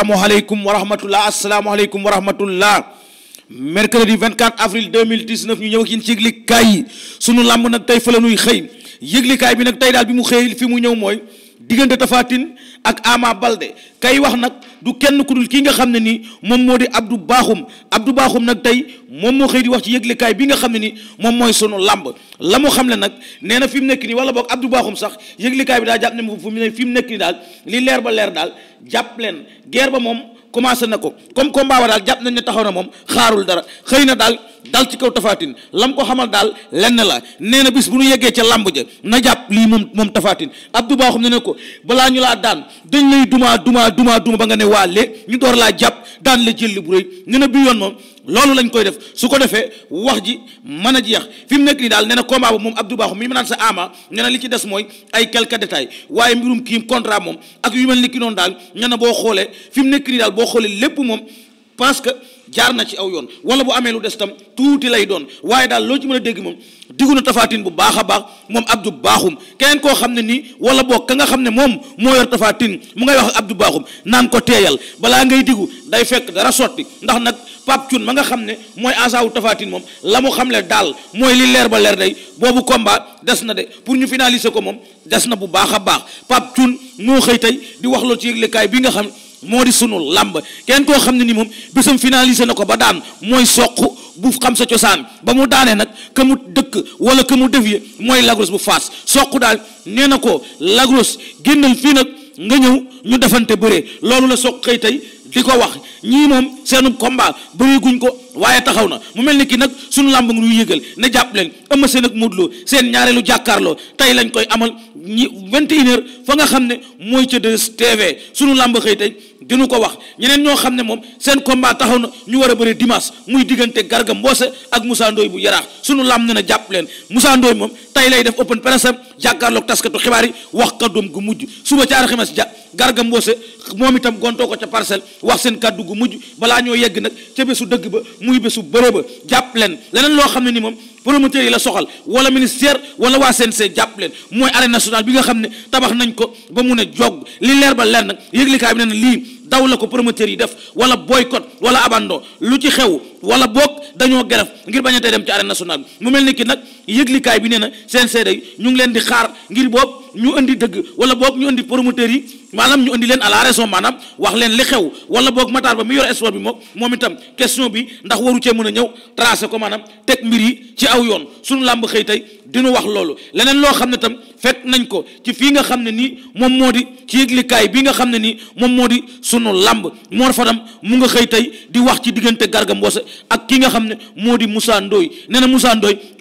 asalaamualeykum wa rahmatullah asalaamualeykum wa rahmatullah mercredi 24 avril 2019 ñu ñëw ak yéen ci yëglikaay su sunu làmb nag tey fa la ñuy xëy yëglikaay bi nag tey daal bi mu xëy fi mu ñëw mooy diggante Tafatine ak amaa Balde kay wax nag du kenn kudul dul kii nga xam ne nii moom moo di Abdou Bakhoum Abdou Bakhoum nag tey moom moo xëy di wax ci yëglekaay bi nga xam ne ni moom mooy sunu làmb la mu xam ne nag nee na fi mu nekk nii wala boog Abdou baaxum sax yëglekaay bi daal jàpp ne fu mu ne fi mu nekk nii daal li leer ba leer daal jàpp leen geer ba moom commencé na ko comme combat wa daal jàpp nañ ne taxaw na moom xaarul dara xëy na daal dal ci kaw tafaatin lam ko xamal daal lenn la nee na bis bu ñu yeggee ca làmb ja na jàpp lii moom moom tafaatin abdou baa xam ne ne ko balaa ñu laa daan dañ lay dumaa dumaa dumaa duma ba nga ne waa le ñu door laa jàpp daan la jël bu rëy nee na yoon moom loolu lañ koy def su ko defee wax ji mën a jeex fi mu nekk nii daal nee na combat boobu moom Abdou Bakhoum mi mu naan sa ama nee li ci des mooy ay quelques détails waaye mbirum kii contrat moom ak yu mel ni ki noonu daal nee na boo xoolee fi mu nekk nii daal boo xoolee lépp moom parce que jaar na ci aw yoon wala bu amee lu des tam tuuti lay doon waaye daal loo ci mën a dégg moom diggu na tafaatin bu baax a baax moom abdu baaxum keneen koo xam ne nii wala boog ka nga xam ne moom moo yor tafaatin mu wax ak baaxum naan ko teeyal balaa ngay diggu day fekk dara sotti ndax nag pap cun nga xam ne mooy asaawu tafaatin moom la mu xamle daal mooy li leer ba leer day boobu combat des na de pour ñu finaliser ko moom des na bu baax a baax pap cun moo xëy tey di wax loolu ci yëglekaay bi nga xam moo di suñu làmb kenn koo xam ne ni moom bésam finalisé na ko ba daan mooy soq bu xam sa cosaan ba mu daanee nag ka mu dëkk wala ka mu def yi mooy lagros bu fas soq daal nee na ko lagros génnal fii nag nga ñëw ñu defante bëree loolu la soq xëy tey di ko wax ñii moom seenum combat bëri guñ ko waaye taxaw na mu mel ni kii nag suñu làmb ngi yëgal ne jàpp leen Eumeu Sène ak Modou seen ñaareelu jàkkaarloo tey lañ koy amal ñi 21 heures fa nga xam ne mooy ca 2STV làmb xëy tey dinu ko wax ñeneen ñoo xam ne moom seen combat taxaw na ñu war a bëri dimanche muy diggante Garga Mbossé ak Moussa Ndoye bu yaraax sunu nu ne na jàpp leen Moussa moom tey lay def open press am jàkkaarloog taskatu xibaar yi wax kàddoom gu mujj suba ca alxames ja Garga Mbossé moom itam gontoo ko ca parcelle wax seen kàddu gu mujj balaa ñoo yegg nag ca bésu dëgg ba muy besu bëre ba jàpp leen leneen loo xam ne ni moom promoteurs yi la soxal wala ministère wala waa CNC jàpp leen mooy arène nationale bi nga xam ne tabax nañ ko ba mu ne jog li leer ba leer nag yëglikaay bi na lii daw la ko promoteur yi def wala boykot wala abandon lu ci xew wala boog dañoo geref ngir bañ a tey dem ci arène national bi mu mel ni ki nag yëglikaay bi nee na CNC day ñu ngi leen di xaar ngir boob ñu indi dëgg wala boobu ñu indi promoteurs yi maanaam ñu indi leen à la raison maanaam wax leen li xew wala boog Matar Ba mi yore sport bi moom moom itam question bi ndax waru cee mën a ñëw tracé ko maanaam teg mbir yi ci aw yoon suñu làmb xëy tey dinu wax loolu leneen loo xam ne itam fekk nañ ko ci fii nga xam ne nii moom moo di ci yëglikaay bi nga xam ne nii moom moo di sunu làmb moo fa tam mu nga xëy tey di wax ci diggante Garga Mbossé ak kii nga xam ne moo di Moussa Ndoye nee na Moussa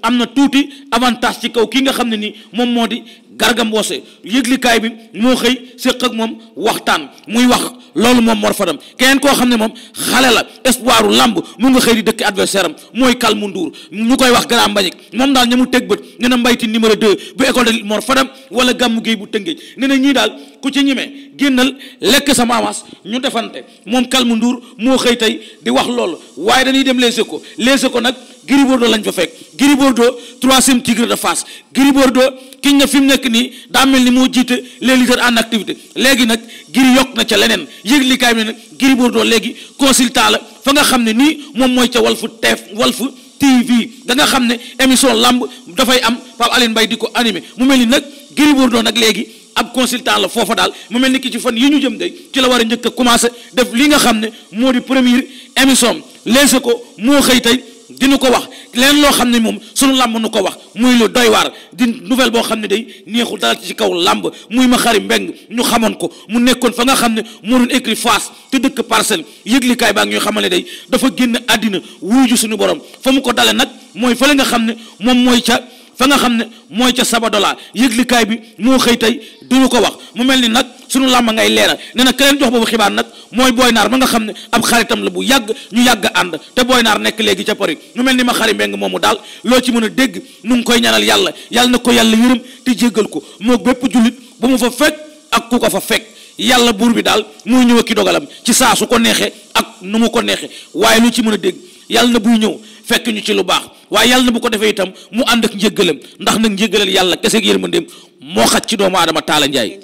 am na tuuti avantage ci kaw kii nga xam n nii moom moo di garga mboose yëglikaay bi moo xëy séq ak moom waxtaan muy wax loolu moom Mor Fadam keneen koo xam ne moom xale la espoiru lamb mu nga xëy di dëkk adversaire am mooy Kalmu nduur mu koy wax Grand Mbagnick moom daal ña mu teg bët nee na mbayti numéro 2 bu école de Mor Fadam wala gàmmu géey bu tëngéej nee na ñii daal ku ci ñemee génnal lekk sama avance ñu defante moom Kalmu nduur moo xëy tey di wax loolu waaye dañuy dem Les ko Les ko nag Gris Bordeaux lañ fa fekk Gris Bordeaux troisième tigre de Fass Gris Bordeaux kiñ na fi mu nekk nii daa mel ni moo jiite les leaders en activité léegi nag Gris yokk na ca leneen yëg nag Gris léegi consultant la fa nga xam ne nii moom mooy ca Walfu teef Walfu TV da xam ne émission lamb dafay am Pape Aline di ko animé mu mel ni nag Gris Bordeaux nag léegi ab consultant la foofa daal mu mel ni ki ci fan yi ñu jëm day ci la war a njëkk a commencé def li nga xam ne moo di première émission léegi ko moo xëy tey dinu ko wax leen loo xam ne moom sunu làmb nu ko wax muy lu doy waar nouvelle boo xam ne day neexul dal ci kaw làmb muy ma xari mbeng ñu xamoon ko mu nekkoon fa nga xam ne moo doon écrit face te dëkk parcelle yëglikaay baa ngi ñuy day dafa génn àddina wuuju suñu borom fa mu ko dale nag mooy fële nga xam ne moom mooy ca fa nga xam ne mooy ca sabadola yëglikaay bi moo xëy tey duñu ko wax mu mel ni nag sunu làmb ngay leeral nee na keneen jox boobu xibaar nag mooy Boy Naar ba nga xam ne ab xaritam la bu yàgg ñu yàgg ànd te Boy Naar nekk léegi ca Paris ñu mel ni ma xari mbeng moomu daal loo ci mën a dégg nu ngi koy ñaanal yàlla yàlla na ko yàlla yërëm te jéggal ko moo bépp jullit bu mu fa fekk ak ku ko fa fekk yàlla buur bi daal muy ñëw ki dogalam ci saa su ko neexee ak nu ma ko neexee waaye lu ci mën a dégg yàlla na buy ñëw fekk ñu ci lu baax waaye yàlla na bu ko defee itam mu ànd ak njéggalam ndax nag njéggalal yàlla kese ak yërmandeem moo xaj ci doomu aadama taala njaay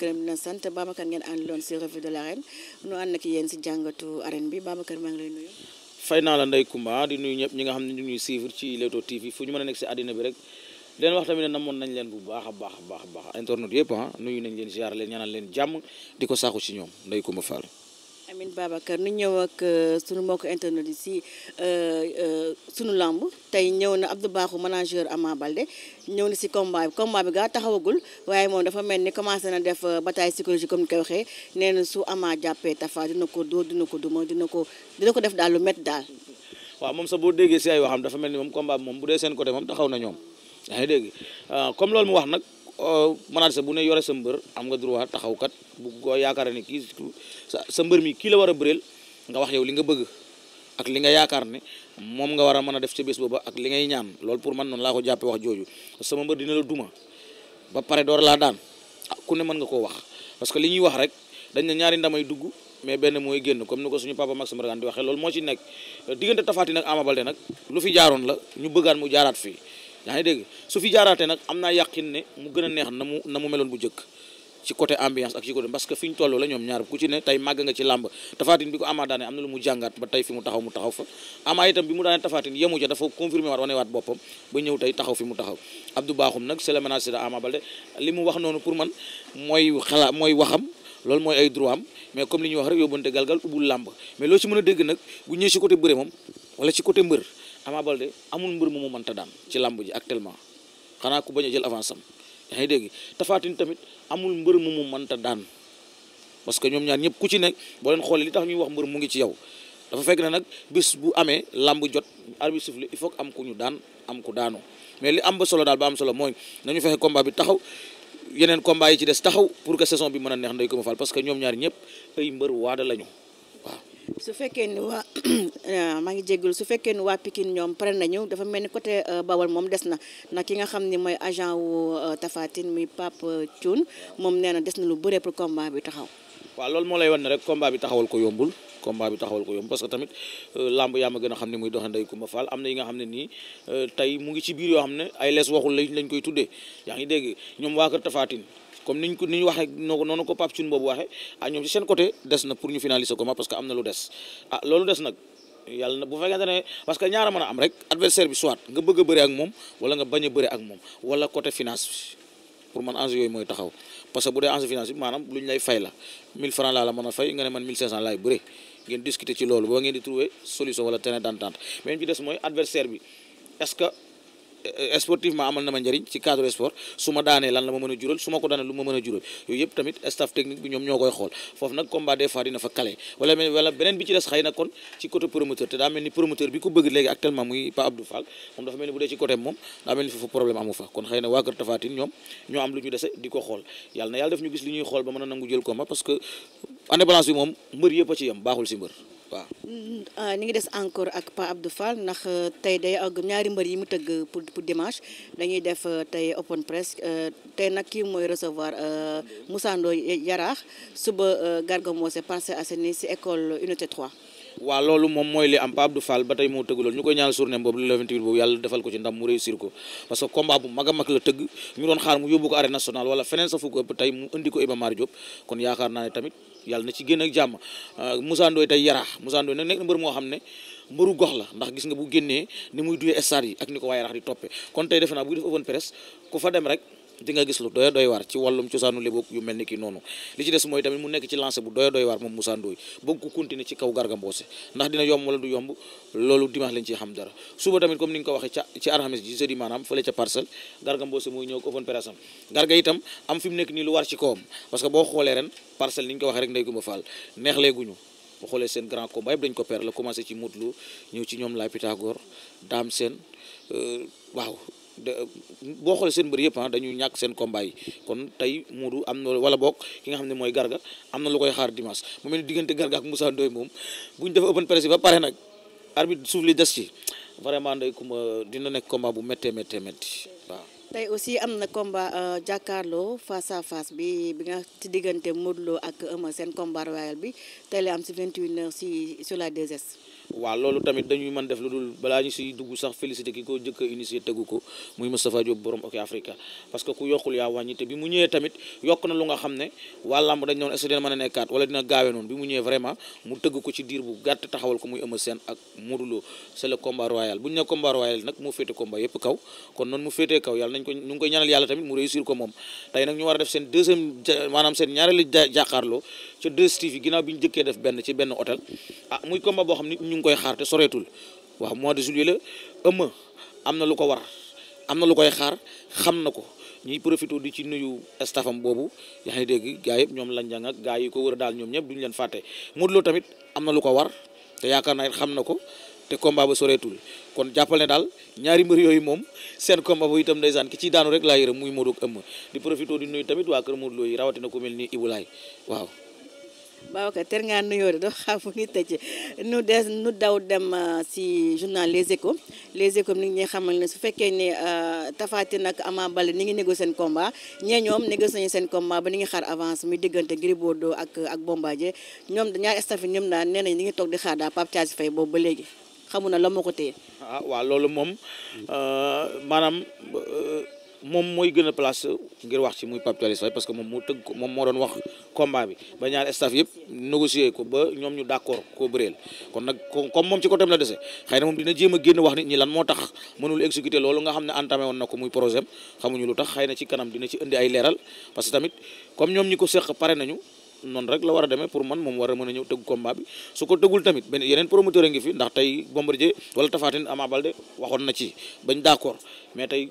gërëm di leen sant Babacar ngeen àndaloon si revue de nu ànd ak yéen si jàngatu arène bi Babacar maa ngi lay nuyu. fay naa la Ndeye Coumba di nuyu ñëpp ñi nga xam ne ñu ñuy suivre ci Leewtoo TV fu ñu mën a nekk si àddina bi rek leen wax tamit ne nañ leen bu baax a baax a baax a baax internet yëpp ah nuyu nañ leen ziar leen ñaanal leen jàmm di ko saxu si ñoom Ndeye Coumba Fall. Amin Babacar nu ñëw ak euh, sunu mbokk internet yi si euh, euh, sunu làmb tey ñëw na Abdou Bakhoum manager Ama Baldé ñëw na si combat bi combat bi gaa taxawagul waaye moom dafa mel ni commencé na def bataille psychologique comme ni koy waxee neen su Ama jàppee Tafa dina ko dóor dina ko duma dina ko dina ko def daal lu métti daal. waaw moom sax boo déggee si ay waxam dafa mel ni moom combat bi moom bu dee seen côté moom taxaw na ñoom yaa ngi dégg ah, comme loolu mu wax nag. Euh, manager bu ne yore sa mbër am nga droit taxaw kat bu ko yaakaar ne kii sa mbër mi kii la war a bëreel nga wax yow li nga bëgg ak li nga yaakaar ne moom nga war a mën a def ca bés booba ak li ngay ñaan loolu pour man noonu laa ko jàppe wax jooju sama mbër dina la duma ba pare door laa daan ah, ku ne mën nga koo wax parce que li ñuy wax rek dañ ne ñaari ndamay dugg mais benn mooy génn comme ni ko suñu papa Maxime Ragane di waxee lool moo ci nekk diggante Tapha Tine Ama Baldé nag lu fi jaaroon la ñu bëggaan mu jaaraat fii yaa ngi dégg nag am yàqin ne mu gën a neex na mu na meloon bu jëkk ci côté ambiance ak ci côté parce que fi ñu tolloo la ñoom ñaar ku ci ne tey màgg nga ci làmb tafaatin bi ko ama daane am na lu mu jàngaat ba tey fi mu taxaw fa ama itam bi mu daane tafaatin yemu ca dafa confirmé waat wane waat boppam ba ñëw tey taxaw fi mu taxaw abdou baaxum nag c'est le ménage de ama li mu wax noonu pour man mooy xalaat mooy waxam loolu mooy ay droit am mais comme li ñuy wax rek yóbbante galgal ubbul làmb mais loo ci Ama Baldé amul mbër mu mu mënta daan ci làmb ji actuellement xanaa ku bañ a jël avance am yaa ngi dégg Tapha tamit amul mbër mu mu mënta daan parce que ñoom ñaar ñëpp ku ci nekk boo leen xoolee li tax ñuy wax mbër mu ngi ci yow dafa fekk ne nag bis bu amee làmb jot arbitre siffle il faut am ku ñu daan am ku daanu mais li am ba solo daal ba am solo mooy nañu fexe combat bi taxaw yeneen combat yi ci des taxaw pour que saison bi mën a neex nday ko ma fal parce que ñoom ñaar ñëpp ay mbër waada lañu su fekkee ni waa euh, maa ngi jégalu su fekkee ni waa Pikine ñoom pare nañu dafa mel ni côté euh, Bawol moom des na ndax ki nga xam ni mooy agent wu euh, Tafatine muy Pape Thioune moom nee na des na lu bëree pour combat bi taxaw. waaw loolu moo lay wan ne rek combat bi taxawal ko yombul combat bi taxawal ko yomb parce que tamit làmb yaa ma gën a xam ne muy doxe ndey Kumba Fall am na yi nga xam ne nii tey mu ngi ci biir yoo xam ne ay lees waxul lañ lañ koy tuddee yaa ngi dégg ñoom waa kër Tafatine. comme niñ ko ni waxee noonu ko Pape Thioune boobu waxee ah ñoom ci seen côté des na pour ñu finaliser ko ma parce que am na lu des ah loolu des nag yàlla na bu fekkente a am rek adversaire nga bëgg a bëre ak moom wala nga bañ a ak moom wala côté finance pour man enjeu yooyu mooy taxaw parce que bu dee enjeu finance bi maanaam lu lay fay la 1000 francs laa la mën a fay nga ne man 1500 laay bëre ngeen discuter ci loolu ba ngeen di trouver solution wala sportivement amal na ma njëriñ ci cadre sport su ma daanee lan la ma mën a jural su ma ko daanee lu ma mën a jural yooyu yëpp tamit staff technique bi ñoom ñoo koy xool foofu nag combat des fois dina fa kale wala beneen bi ci des xëy na kon ci côté promoteur te daa mel ni promoteur bi ko bëgg léegi actuellement muy Pa Abdou Fall moom dafa mel ni bu dee ci côté moom daa mel ni foofu problème amu fa kon xëy na waa kër Tapha ñoom ñoo am lu waaw. ñu mm, ah, ngi des encore ak Pa Abdou Fall ndax euh, tey day ak ñaari mbër yi mu tëgg pour pour dimanche dañuy def euh, tey open press euh, tey nag kii mooy recevoir Moussa Ndoye Yaraax suba Garga Mbossé Parcelles Assainies ci école unité trois waaw loolu moom mooy li am Pape Abdou Fall ba tey moo tëgg loolu ñu koy ñaanal journée boobu le 28 boobu yàlla defal ko ci ndam mu réussir ko parce que combat bu mag a mag la tëgg ñu doon xaar mu yóbbu ko arène nationale wala feneen sa fu ko ëpp tey mu indi ko Iba Mar Diop kon yaakaar naa ne tamit yàlla na ci génn ak jàmm euh, Moussa tey yaraax Moussa Ndoye nag nekk na mbër moo xam ne mbëru gox la ndax gis nga bu génnee ni muy duyee stade yi ak ni ko waaye rax di toppee kon tey defe naa bu def open ku fa dem rek di nga gis lu doy doy waar ci wàllum cosaanu léboog yu mel ni ki noonu li ci des mooy tamit mu nekk ci lancé bu doy doy waar moom Moussa Ndoye bëgg ko continuer ci kaw Garga Mbossé ndax dina yomb wala du yomb loolu dimanche lañ ciy xam dara suba tamit comme ni nga ko waxee ca ci alxames ji jeudi maanaam fële ca parcelle Garga Mbossé mooy ñëw ko open press am Garga mu nekk nii lu war ci kawam parce que boo xoolee ren parcelle ni ñu ko waxee rek ndey gumba seen grand combat yëpp ko perdre la commencé ci Modou Lo ñëw ci ñoom la Pythagore euh, waaw boo xoolee seen mbër yëpp ah dañu ñàkk seen combat kon tey Modou am na wala boog ki nga xam ne mooy Garga am na lu koy xaar dimanche mu mel ni diggante Garga ak Moussa Ndoye moom bu ñu def open press ba pare nag arbitre suuf li des ci vraiment ndey dina nekk combat bu méttee méttee métti waaw. tey aussi am na combat euh, jàkkaarloo face a face bi bi nga ci diggante Modou ak Eumeu seen combat royal bi tey la am si 28 heures si sur la 2S. waaw loolu tamit dañuy mën def lu dul balaa ñu siy dugg sax félicité ki ko jëkk initié tegu ko muy Moustapha Diop borom OK Africa parce que ku yokkul yaa wàññi bi mu ñëwee tamit yokk na lu nga xam ne waa làmb dañ noonu bi a def seen deuxième maanaam ñu benn ci benn hôtel ah, ngi koy xaar te soreetul waaw mois de juillet la ëmma am na lu ko war am na lu koy xaar xam na ko ñuy profité di ci nuyu stafam boobu yaa ngi dégg gaa yëpp ñoom lañ jàng ak gaa yi ko wër daal ñoom ñëpp duñu leen fàtte Modou Lo tamit am na lu ko war te yaakaar naa it xam na ko te combat ba soreetul kon jàppal ne daal ñaari mbër yooyu moom seen combat ba itam ndeysaan ki ci daanu rek laa yërëm muy Modou ak ëmm di profité di nuyu tamit waa kër Modou Lo yi rawatina ku mel ni Ibou Laye waaw waaw kay ter ngaa nuyoo de doo xam fu ngi tëj nu des nu daw dem euh, si journal Les Échos Les Échos ni ngi xamal ne su fekkee ne euh, Tapha Tine ak Ama Baldé ni ngi négocié seen combat ñee ñoom négocié nañu seen combat ba ni ngi xaar avance muy diggante Gris Bordeaux ak ak Bombardier ñoom ñaari staff yi ñoom daal nee nañ ni ngi toog di xaar daal Pape Thialis Faye boobu ba léegi xamu na la moo ko téye. ah loolu moom euh, maanaam. moom mooy gën a place ngir wax ci muy Pape Thialis Faye parce que moom moo tëgg ko moom moo doon wax combat bi ba ñaar staff yëpp négocier ko ba ñoom ñu d'accord koo bëreel kon moom ci côté am la dese xëy na moom dina jéem a génn wax nit ñi lan moo tax mënul exécuter loolu nga xam ne entamé woon na ko muy projet xamuñu lu tax xëy na ci kanam dina ci indi ay leeral parce que tamit comme ñoom ñi ko seq pare nañu noonu rek la war a demee pour man moom war a mën a ñëw tëgg combat bi su ko tëggul tamit benn yeneen promoteur a ngi fi ndax tey bañ d'accord mais tey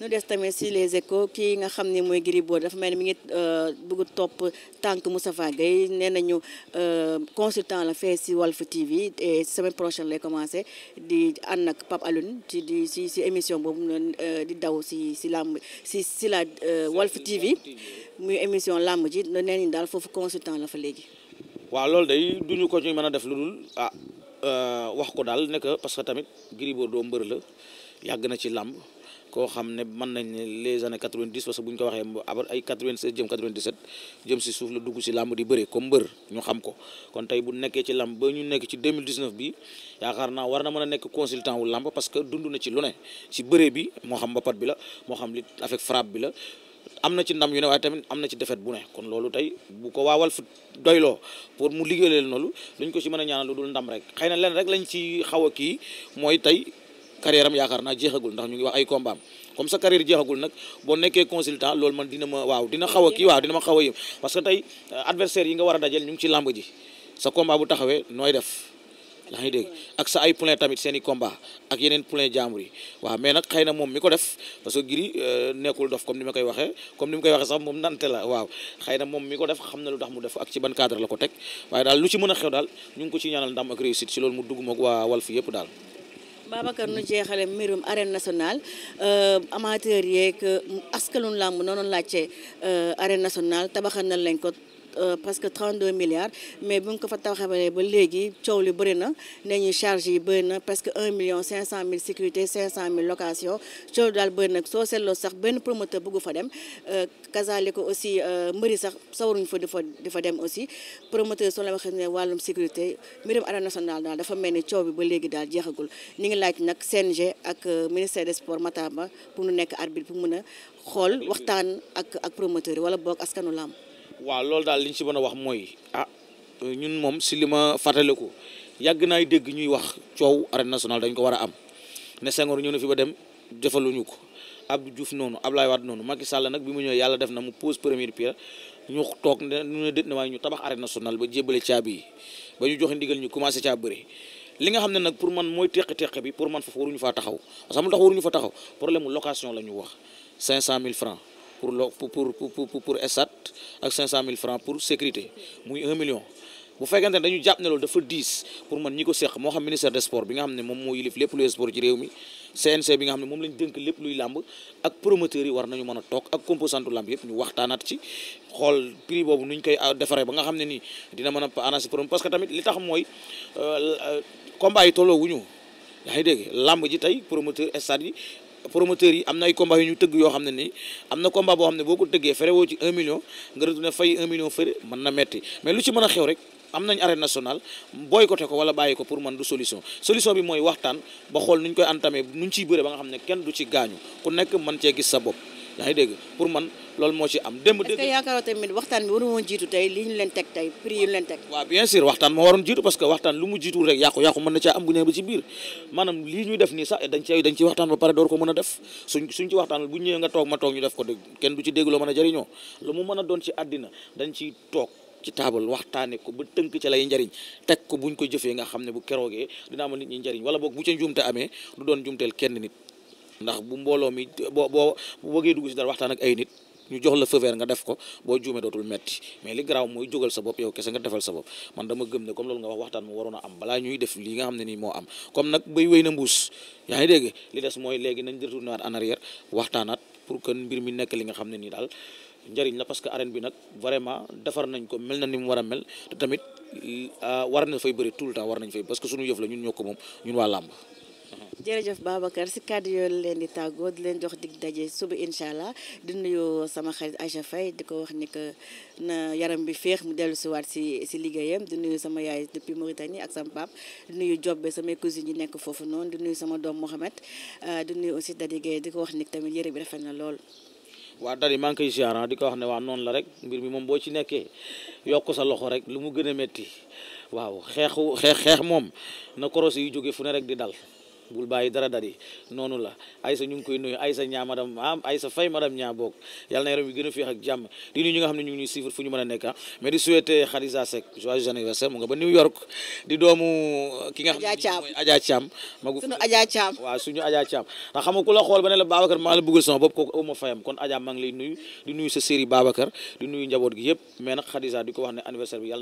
ñu des tamit si les échos kii nga xam ne mooy Gris Bordeaux dafa mel ni mu ngi euh, bëgg topp tànk Moustapha Gueye nee nañu euh, consultant la fee si Walf TV et semaine prochaine lay commencé di ànd ak Pape Alioune ci di si si émission boobu euh, di daw si si làmb si si la Walf TV muy émission làmb ji nee nañu daal foofu consultant la fa léegi. waaw loolu day duñu ko ci mën a def lu dul ah wax ko daal ne que tamit Gris doo mbër la yàgg na ci làmb koo xam ne mën nañ ne les années 90 parce que bu ko waxee abal ay 96 jëm 97 jëm si suuf la dugg si làmb di bëre comme mbër ñu xam ko kon tey bu nekkee ci làmb ba ñu nekk ci 2019 bi yaakaar naa war na mën a nekk consultant wu làmb parce que dund na ci lu ne ci bëre bi moo xam mbapat bi la moo xam li avec frappe bi la am na ci ndam yu ne waaye tamit am na ci defet bu ne kon loolu tey bu ko waawal carrière am yaakaar naa jeexagul ndax ñu ngi wax ay combat comme sa carrière jeexagul nag boo nekkee consultant loolu man dina ma waaw dina xaw a kii waaw dina ma xaw a parce que tey euh, adversaire yi nga war a dajel ñu ngi ci làmb ji sa combat bu taxawee nooy def yaa ngi dégg ay poulain tamit seen i combat ak yeneen poulain jaambur yi waaw moom mi def parce que Gris euh, nekkul dof comme na moom mi ko def xam na lu tax mu si loolu mu dugg moog waa Walf yëpp daal Babacar nu jeexale mbirum arène nationale euh, amateur yeeg euh, askanun làmb noonu laajte euh, arène national tabaxal nañ lañ ko Euh, presque 32 milliards mais bu ñu ko fa taxawalee ba léegi coow li bëri na nee ñu charge yi bëri na presque un million 500 mille sécurité 500 mille location coow daal bëri na soo seetloo sax benn promoteur bëggu fa dem euh, ko aussi euh, mbëri sax sawaruñ fa di fa dem aussi promoteur soo la waxee ne wàllum sécurité mbirum arène nationale daal dafa mel ni coow bi ba léegi daal jeexagul ñu ngi laaj nag CNG ak ministère des sports Matar Ba pour nu nekk arbitre pour mën a xool waxtaan ak ak promoteur yi wala boog askanu làmb waaw loolu daal li ñu si mën a wax mooy ah ñun moom si li ma fàttale ko yàgg naay dégg ñuy wax coow arène nationale dañ ko war a am ne Senghor ñëw na fi ba dem defaluñu ko Abdou Diouf noonu Abdoulaye Wade noonu Macky Sall nag bi mu ñëwee yàlla def na mu pose première pierre ñu toog ne ñu ne déet na waaye ñu tabax arène nationale ba jébbale caabi yi ba ñu joxe ndigal ñu commencé caa bëri li nga xam ne nag pour man mooy teq-teq bi pour man foofu waruñu faa taxaw parce que xam tax waruñu fa taxaw problème la ñu wax 500000 francs pour lo pour pour pour estat ak 500000 francs pour sécurité muy 1 million. bu fekkente ne dañu jàpp ne loolu dafa diis pour man ñi ko seq moo xam ministère des sports bi nga xam ne moom moo yilif lépp luy sport ci réew mi CNC bi nga xam ne moom lañ dënk lépp luy làmb ak promoteurs yi war nañu mën a toog ak composantu làmb yëpp ñu waxtaanaat ci xool prix boobu nuñ koy ah, defaree ba nga xam ne nii dina mën a arranger problème parce que tamit li tax mooy euh, euh, promoteurs yi am na ay combat yu ñu tëgg yoo xam ne nii am na combat boo xam ne boo ko tëggee fere woo ci un million nga retourné fay un million fere mën na metti mais lu ci mën a xew rek am nañ arène nationale boycotté ko wala bàyyi ko pour man du solution solution bi mooy waxtaan ba xool nuñ koy entamé nuñ ciy bëre ba nga xam ne kenn du ci gaañu ku nekk man cee gis sa bopp yaa dégg pour man loolu moo ci am démb dégg nga yaakaaroo tamit waxtaan bi waru woon jiitu tey li ñu leen teg tey prix yi ñu leen teg waaw bien sûr waxtaan moo waroon jiitu parce que waxtaan lu mu jiitul rek yàqu yàqu mën na caa am bu def nii sax dañ ci dañ ci waxtaan ba ko mën a bu ñëwee nga toog ma toog ñu def ko dégg kenn du ci dégg loo mën a jëriñoo lu mu mën a doon ci àddina dañ ciy toog ci taabal waxtaane ko ba tënk ci lay njariñ teg ko buñ ko jëfee nga xam ne bu keroogee dina am nit ñi njariñ wala boog bu ca njuumte amee du doon njuumteel kenn nit ndax bu mbooloo mi boo boo bu bëggee dugg si dara waxtaan ak ay nit ñu jox la feu vert nga def ko boo juumee dootul metti mais li garaaw mooy jógal sa bopp yow kese nga defal sa bopp man dama gëm ne comme loolu nga wax waxtaan waroon am balaa ñuy def lii nga xam ne nii moo am comme nag bay wéy na mbuus yaa ngi dégg li des mooy léegi nañ retourné waat en arrière waxtaanaat pour que mbir mi nekk li nga xam ne nii daal njëriñ la parce que arène bi nag vraiment defar nañ ko mel na ni mu war a mel te tamit euh, war nañ fay bëri tout le temps war nañ fay parce que suñu la ñun ñoo ko moom ñun waa jërëjëf Babacar si kàddu yooyu leen di tàggoo di leen jox dig daje suba incha allah di nuyu sama xarit Aïcha Faye di ko wax ni que na yaram bi féex mu dellu si waat si si liggéeyam di nuyu sama yaay depuis Mauritanie ak sama pap di nuyu Jobbe samay cousines yi nekk foofu noonu di nuyu sama doom Mohamed ah, di nuyu aussi da Gueye di ko wax ni tamit yëre bi rafet na lool. waa Dadi maa ngi koy ziar ah, di ko wax ne waa noonu la rek mbir mi moom boo ci nekkee yokk sa loxo rek lu mu gën a métti waaw xeexu xeex moom na koros yi jóge fu ne rek di dal. bul bàyyi dara dari noonu la Aïssa ñu ngi koy nuyu Aïssa ñaa madame am Aïssa Faye a a sa série Babacar di nuyu njaboot na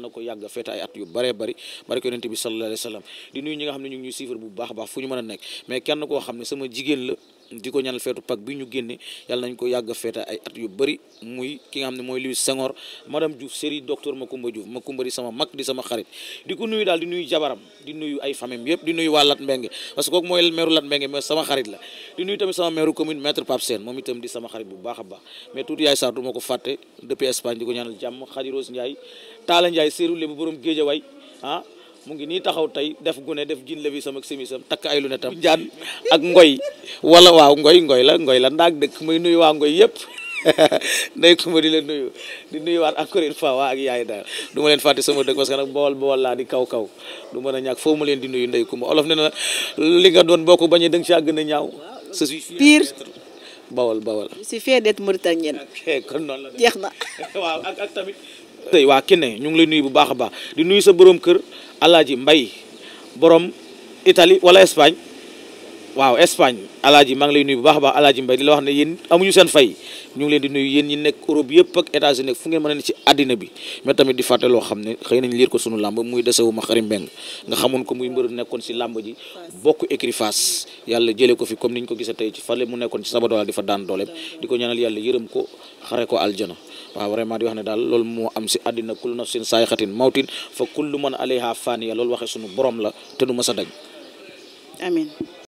ko yàgg a at yu bare bari bari ko yonente bi sallallahu wa sallam di nuyu ñi nga xam ne ñu ngi ñuy bu baax baax fu ñu mën a nekk mais kenn koo xam ne sama jigéen la di ko ñaanal feetu pak bi ñu génne yàlla nañ ko yàgg a feete ay at yu bëri muy ki nga xam ne mooy Louis Senghor madame Diouf série docteur Macoumba Diouf Macoumba di sama mag di sama xarit di ko nuyu daal di nuyu jabaram di nuyu ay famem yëpp di nuyu waa Lat Mbengue parce que kooku mooy meeru Lat Mbengue mais sama xarit la di nuyu tamit sama meeru commune maître Pape moom itam di sama xarit bu baax a baax mais tuuti yaay Sarr du ko fàtte mu ngi nii taxaw tey def gune def jin lebi sama simisam takk ay lu tam jaan ak ngoy wala waaw ngoy ngoy la ngoy la ndaag dëkk muy nuyu waa ngoy yëpp ndey ko di leen nuyu di nuyuwaat encore une fois waa ak yaay daal du ma leen fàtte sama dëkk parce que nag bool bool laa di kaw kaw du mën a ñàkk foo ma leen di nuyu ndey ko ma olof ne na li nga doon boo ko bañee da nga caa gën a ñaaw je suis pire bawal bawal si suis fier d'être mauritanienne kon jeex na waaw tamit tey waa Kine ñu ngi lay nuyu bu baax baax di nuyu sa borom kër Alaaji Mbay borom Italie wala Espagne waaw Espagne Alaaji maa ngi lay nuyu bu baax a baax Alaaji Mbay di la wax ne yéen amuñu seen fay ñu ngi leen di nuyu yéen ñi nekk Europe yëpp ak États-Unis fu ngeen mën a ne ci àddina bi mais tamit di fàtte loo xam ne xëy nañ liir ko sunu làmb muy desewuma Karim Mbeng nga xamoon ko muy mbër nekkoon si làmb ji bokk écurie yàlla jëlee ko fi comme niñ ko gisee tey ci fale mu nekkoon ci Sabodala di fa daan dooleem di ko ñaanal yàlla yërëm ko xare ko aljana waaw vraiment di wax ne daal loolu moo am si àddina kullu nafsin saayxatin mawtin fa kullu man alayha faaniya loolu waxee sunu borom la te du ma sa dañ amin